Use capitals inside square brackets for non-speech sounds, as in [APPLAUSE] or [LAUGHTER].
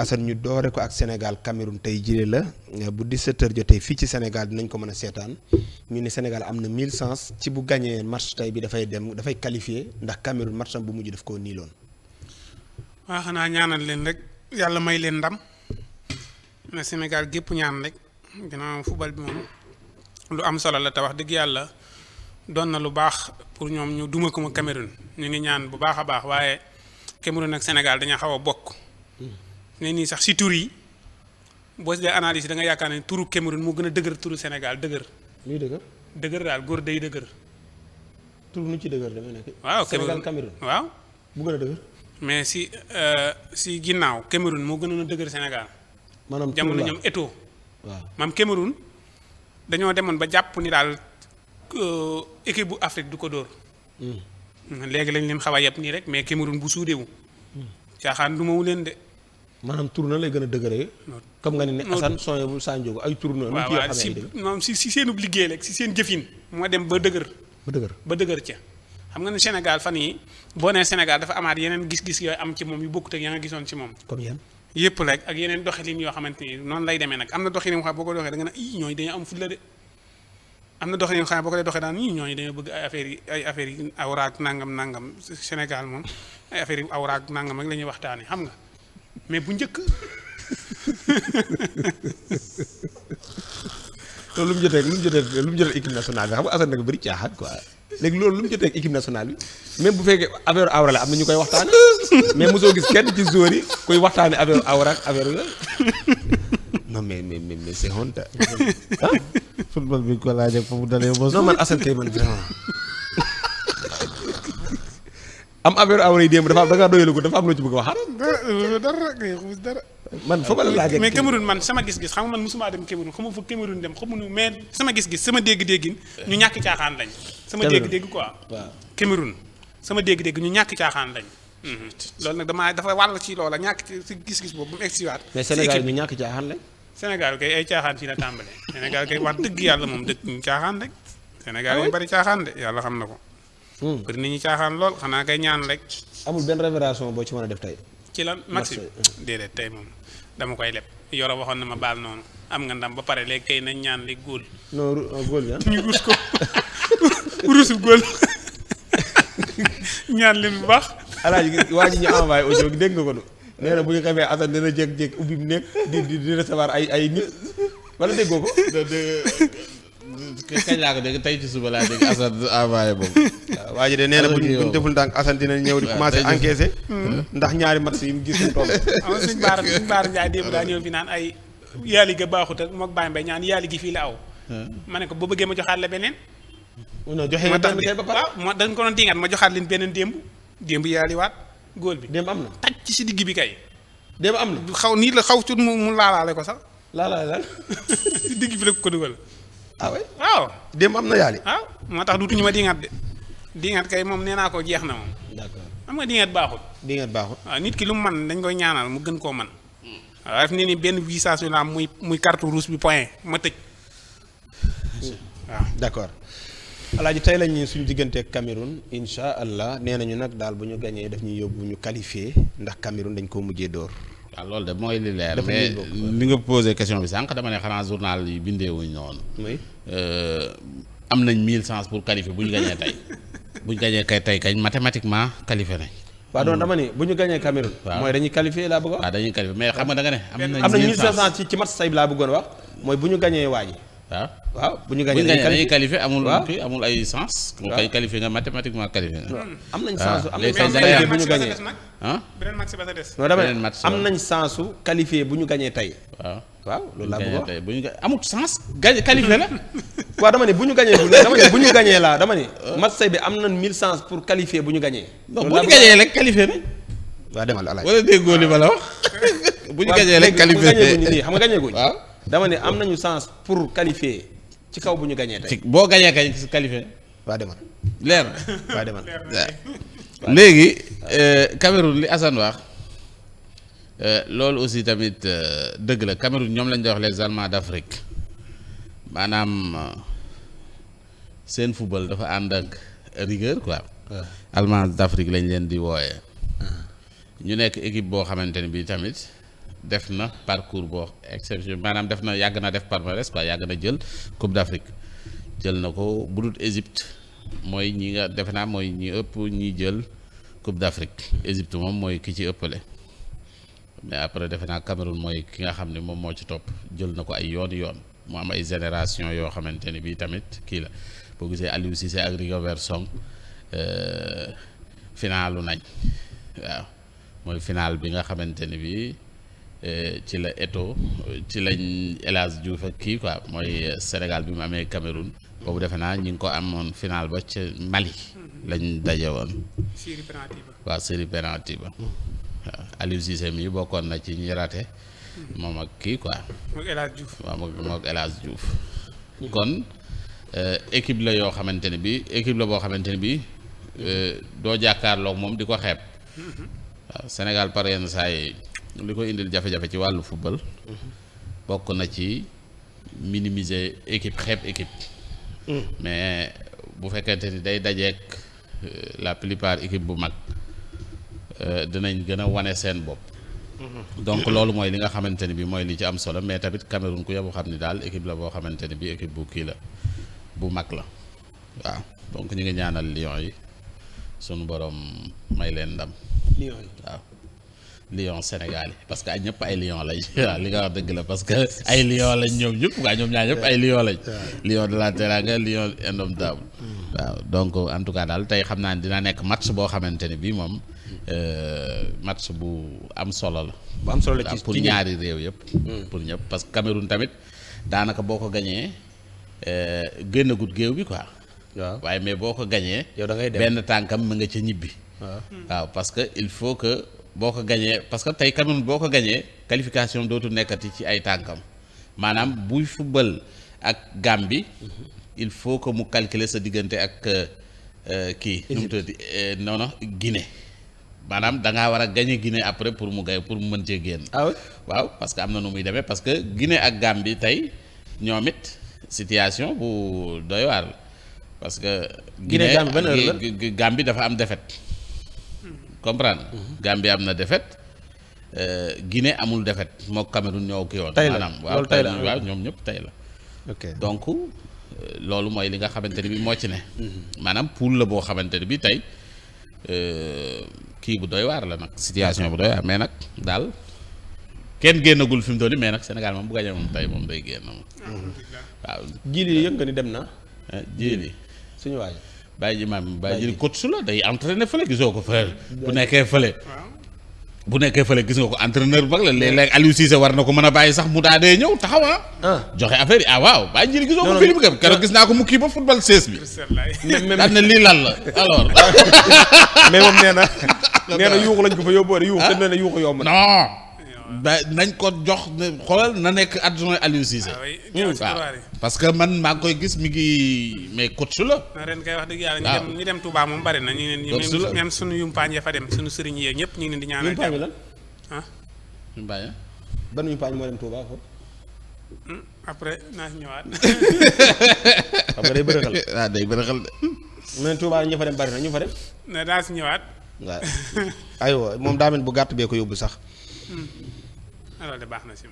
Assane ñu doore ko ak Sénégal Cameroun tey jile la bu 17h jotee fii ci Sénégal dinañ ko mën a seetaan ñu ne Sénégal am na 1000 sens ci bu gagné match tey bi dafay dem dafay qualifié ndax Cameroun match bu mujj daf koo niiloon. waa xanaa ñaanal leen rek yàlla may leen ndam ne Sénégal gépp ñaan rek ginnaaw football bi moom lu am solo la te wax dëgg yàlla doon na lu baax pour ñoom ñu duma ko ma ñu ngi ñaan bu baax a baax waaye Cameroun ak Sénégal dañu xaw a bokk. ne nii sax si tur yi boo si dee analyse da nga yaakaar ne turu Cameroun moo gën a dëgër turu Sénégal dëgër. luy dëgër. dëgër daal góor day dëgër. turu nu ci dëgër damay nekk. waaw Sénégal waaw. a dëgër. mais si euh, si ginnaaw Cameroun moo gën a dëgër Sénégal. maanaam jamono ñoom Eto'o. waaw maam Cameroun dañoo demoon ba jàpp ni daal euh, équipe bu Afrique du ko dóor. Hmm. léegi lañ leen xaw a yeb nii rek mais Cameroun bu suudewu hmm. caaxaan du leen de. maanaam tournoi lay gën a dëgëree. comme nga ni ne Assane Sonia bu Sanjogo ay tournoi. waaw waaw si maanaam si si ba dëgër. ba dëgër ba ne Sénégal fan yi boo nee Sénégal dafa amaat gis-gis yooyu am ci moom yu bokkut ak ya gisoon ci moom. comme yan. yëpp rek ak yeneen doxalin yoo xamante ni noonu lay demee am na doxalin yoo xam boo ko doxee da nga ne ii ñooñu dañoo am fulla de am na doxalin yoo xam boo ko daan ii ñooñu dañoo bëgg ay affaire yi ay affaire yi awraag nangam nangam Sénégal moom ay affaire yi awraag nangam rek la ñuy waxtaanee xam nga mais bu njëkk. [LAUGHS] loolu lu mu jotee lu mu jotee lu mu jotee équipe nationale bi xam nga Assane nag bëri caaxaan quoi léegi loolu lu mu jotee équipe nationale bi même bu fekkee affaire awra la am na ñu koy waxtaane [LAUGHS] mais mosoo gis kenn ci joueur yi koy waxtaane affaire awra ak la [LAUGHS] non mais mais mais c'est honte. football bi ko laaj ak fa mu dalee. non man Assane tey man vraiment. am affaire awra yi démb dafa am da ngaa ko dafa am loo ci bëgg a wax. dara man fa ma la laajee. mais Cameroun man sama gis-gis xam nga man mosuma dem Cameroun xamu fa Cameroun dem xamu nu mais sama gis-gis sama dégg-déggin ñu ñàkk caaxaan lañ. sama dégg-dégg quoi. waaw Cameroun sama dégg-dégg ñu ñàkk caaxaan lañ. Mhm. loolu nag damaa dafa wàll ci loola ñàkk ci gis-gis boobu ba mu egg si waat. mais Sénégal ñu ñàkk caaxaan lañ. Sénégal kay ay caaxaan fii la tàmbalee. [LAUGHS] Sénégal kay wax dëgg yàlla moom dëgg caaxaan rek. Ah Sénégal yu bari caaxaan de yàlla xam na ko ni hmm. nañu caaxaan lool xanaa kay ñaan rek. amul benn révélation boo ci mën a def tey. ci lan Maxime déedéet tey moom dama koy leb yoro waxoon na ma baal noonu am nga ndam ba pare léegi kay nañ ñaan li góol. non euh, góol ya [LAUGHS] ñu rus ko [LAUGHS] rusu góol [LAUGHS] ñaan leen bu baax. alaaji waa ji ñu envoyé audio dégg nga ko du nee na bu ñu xamee Assane dina jékki-jékki ubbi mu nekk di di di ay ay nit wala déggoo ko. kañ laa ko dégg tey ci suba laa dégg [LAUGHS] Assane envoyé boobu. waaw waa ji de nee na bu ñu deful ndànk Assane dina ñëw di commencé encaissé. Hmm. ndax ñaari match yi mu gis mu toll. [LAUGHS] am suñ baara suñ baara Ndiaye démb daa ñëw fi naan ay yaali ga baaxut ak moog Baye Mbaye ñaan yaali gi fii la aw. Hmm. ma ne ko bu bëggee ma joxaat la beneen. non joxe nga tax ba pare waaw ma dañ ko doon diingaat ma joxaat leen beneen démb. démb yaali waat góol bi. démb am na taj ci si digg bi kay. démb am na xaw nii la xaw tuut mu mu laalaale ko sax. laalaale lan. [LAUGHS] digg bi la ko dugal ah oui waaw. démb am na yaali. waaw moo tax duutu ñu ma diŋat de diŋat kay moom nee naa ko jeex na moom. d'accord xam nga diŋat baaxul. diŋat baaxul waaw nit ki lu mu man dañ koy ñaanal mu gën koo man waaw daf ne ni benn visage yu la muy muy carte rouge bi point ma tëj. waaw d'accord. alaaji tey lañ suñu diggante ak Cameroun incha allah nee nañu nag daal bu ñu gañee daf ñu yóbbu ñu qualifié ndax Cameroun dañ koo mujjee dóor. waaw loolu de mooy li leer mais li nga posé question bi sànq dama ne xanaa journal yi bindeewuñ noonu. Euh, am nañ mille chances pour qualifier bu ñu gañee tey [LAUGHS] bu ñu gañee kay tey kañ mathématiquement qualifié nañ. waaw donc dama ne bu ñu gañee Cameroun. waaw mooy dañuy qualifié laa bëggoon. waaw ah, dañuy qualifié mais xam nga da nga ne. am nañ mille chances am ci ci match say laa bëggoon wax mooy bu ñu gañee waa ji waaw waaw bu ñu gagné dañuy qualifié amul. kii amul ay sens. waaw kay qualifié nga mathématiquement qualifié nga. am nañ ah, sensu am nañ match am nañ sensu qualifié bu ñu gagné tey. waaw waaw loolu laa bëgg wax bu ñu amul sens. gagné qualifié la. [LAUGHS] waaw dama ne bu ñu gagné dama ne bu ñu gagné laa dama ne. match say bi am nañ mille sens pour qualifié bu ñu gagné. loolu bu ñu gagné rek qualifié nañ. waaw demal alaay wala déggoo li ma la wax. [LAUGHS] bu ñu gagné rek qualifié xam nga gagné guñ dama ne am nañu chance pour qualifier ci kaw bu ñu gañee tey. boo gañee kañ si qualifier. waa demal leer na waa euh, li Assane wax euh, loolu aussi tamit euh, dëgg la Cameroun ñoom lañ doon wax les Allemands d'Afrique maanaam seen football dafa ànd ak rigueur quoi. Allemands d'Afrique lañ leen di wooye ah. ñu nekk équipe boo xamante ne bii tamit. def na parcours boo exception maanaam def na yàgg na def palmarès quoi yàgg na jël Coupe d'Afrique jël na ko bu dul Égypte mooy ñi nga defe naa mooy ñi ëpp ñi jël Coupe d'Afrique Égypte moom mooy ki ci ëppale mais après defe naa Cameroun mooy ki nga xam ne moom moo ci topp jël na ko ay yoon yoon mu am ay génération yoo xamante ne bii tamit kii la boo gisee Aliou Cissé ak Rigobert Song euh, finaalu nañ waaw mooy final bi nga xamante ne bii Euh, ci la Eto ci lañ El Hadj Diouf ak kii quoi mooy Sénégal bi mu amee Cameroun boobu defe naa ñu ngi ko amoon final ba ca Mali lañ daje woon. série penalty ba. waaw série penalty ba hmm. waaw mi bokkoon na ci ñi raté. Hmm. moom ak kii quoi. moom El Hadj Diouf hmm. kon euh, équipe la yoo xamante ne bi équipe la boo xamante ne bi euh, doo jàkkaarloog moom di ko xeeb. waaw Sénégal par saa yi li ko indil jafe-jafe ci wàllu football. bokk na ci minimiser équipe xeeb équipe. mais bu fekkente ni day dajeek euh, la plupart équipe bu mag euh, dinañ gën a wane seen bopp. donc loolu mooy li nga xamante ni bi mooy li ci am solo mais tamit Cameroun ku yebu xam ni daal équipe la boo xamante ni bi équipe bu kii la bu mag la waaw donc ñu ngi ñaanal Lions yi sunu borom may leen ndam. Lions yi waaw. lion Sénégal yi parce que ay ñëpp ay lion lañ [LAUGHS] waaw li nga wax dëgg la parce que [LAUGHS] ay lion lañ ñoom ñëpp waaw ñoom ñaar ñëpp ay mm. waaw donc en tout cas daal tey xam naa ne dina nekk match boo xamante ne bii moom euh, match bu am solo la bu am solo la ci pour ñaari réew yëpp mm. pour ñëpp parce que Cameroun tamit daanaka boo ko gañee euh, génnagut géew bi quoi waaye mais boo ko gañee benn tànkam mu nga ca ñibbi waaw parce que il faut que boo ko gañee parce que tey Cameroun boo ko gañee qualification dootu nekkati ci ay tànkam maanaam buy football ak bi il faut que mu calculer sa diggante ak euh, euh, kii nu mu tuddati euh, non non Guinée maanaam da ngaa war a gagné Guinée après pour mu gay pour mu mën cee génn. ah waaw parce que am na nu muy demee parce que Guinée ak bi tey ñoom it situation bu doy waar parce que. Guinée Gambie bi dafa am defet comprendre Gambie am na défaite euh, Guinée amul defet moo Cameroun ñoo ki yoon maanaam waaw tey la waaw ñoom ñëpp tey la donc euh, loolu mooy li nga xamante ne bi moo ci ne mhm. maanaam poule la boo xamante ne bi tey euh, kii bu doy waar la nag situation bu doy waar mais nag daal kenn génnagul fi mu doon mais nag Sénégal moom bu gañe moom tey moom day génn moom ah, waaw jili yëg nga ni dem na ah, jili suñu waay bàyyi ji maam bàyyi ji coach la day entraîner fële gisoo ko fële bu nekkee fële bu nekkee fële gis nga ko entraîneur bag la léeg-léeg Aliou Cissé war na ko mën a bàyyi sax mu daa dee ñëw taxaw ah, ah. joxe affaire yi ah waaw bàyyi jili gisoo ko Philippe Gab keroog gis naa ko mu kii ba football 16 bi daan na lii lan la alors [LAUGHS] mais moom nee na [LAUGHS] nee na yuuxu lañ ko fa yóbbu yuuxu ah. te nee na yuuxu yomb non ba nañ ko jox xoolal na nekk at adjoint Aliou Cissé. Ah hmm, waaw parce que man maa ngi koy gis mi ngi mais coach la. ren kay wax dëgg yàlla ñu dem ñu moom bari na. ñu ngi leen même suñu yumpaañ fa dem suñu sëriñ yeeg ñëpp ñu ngi leen hmm, après naa si ñëwaat. xam [LAUGHS] nga day bërëxal. waaw [LAUGHS] ah, day bërëxal de. Hmm. mu [LAUGHS] moom daa mel bu gàtt bee ko yóbbu sax Hmm. loolu de baax na si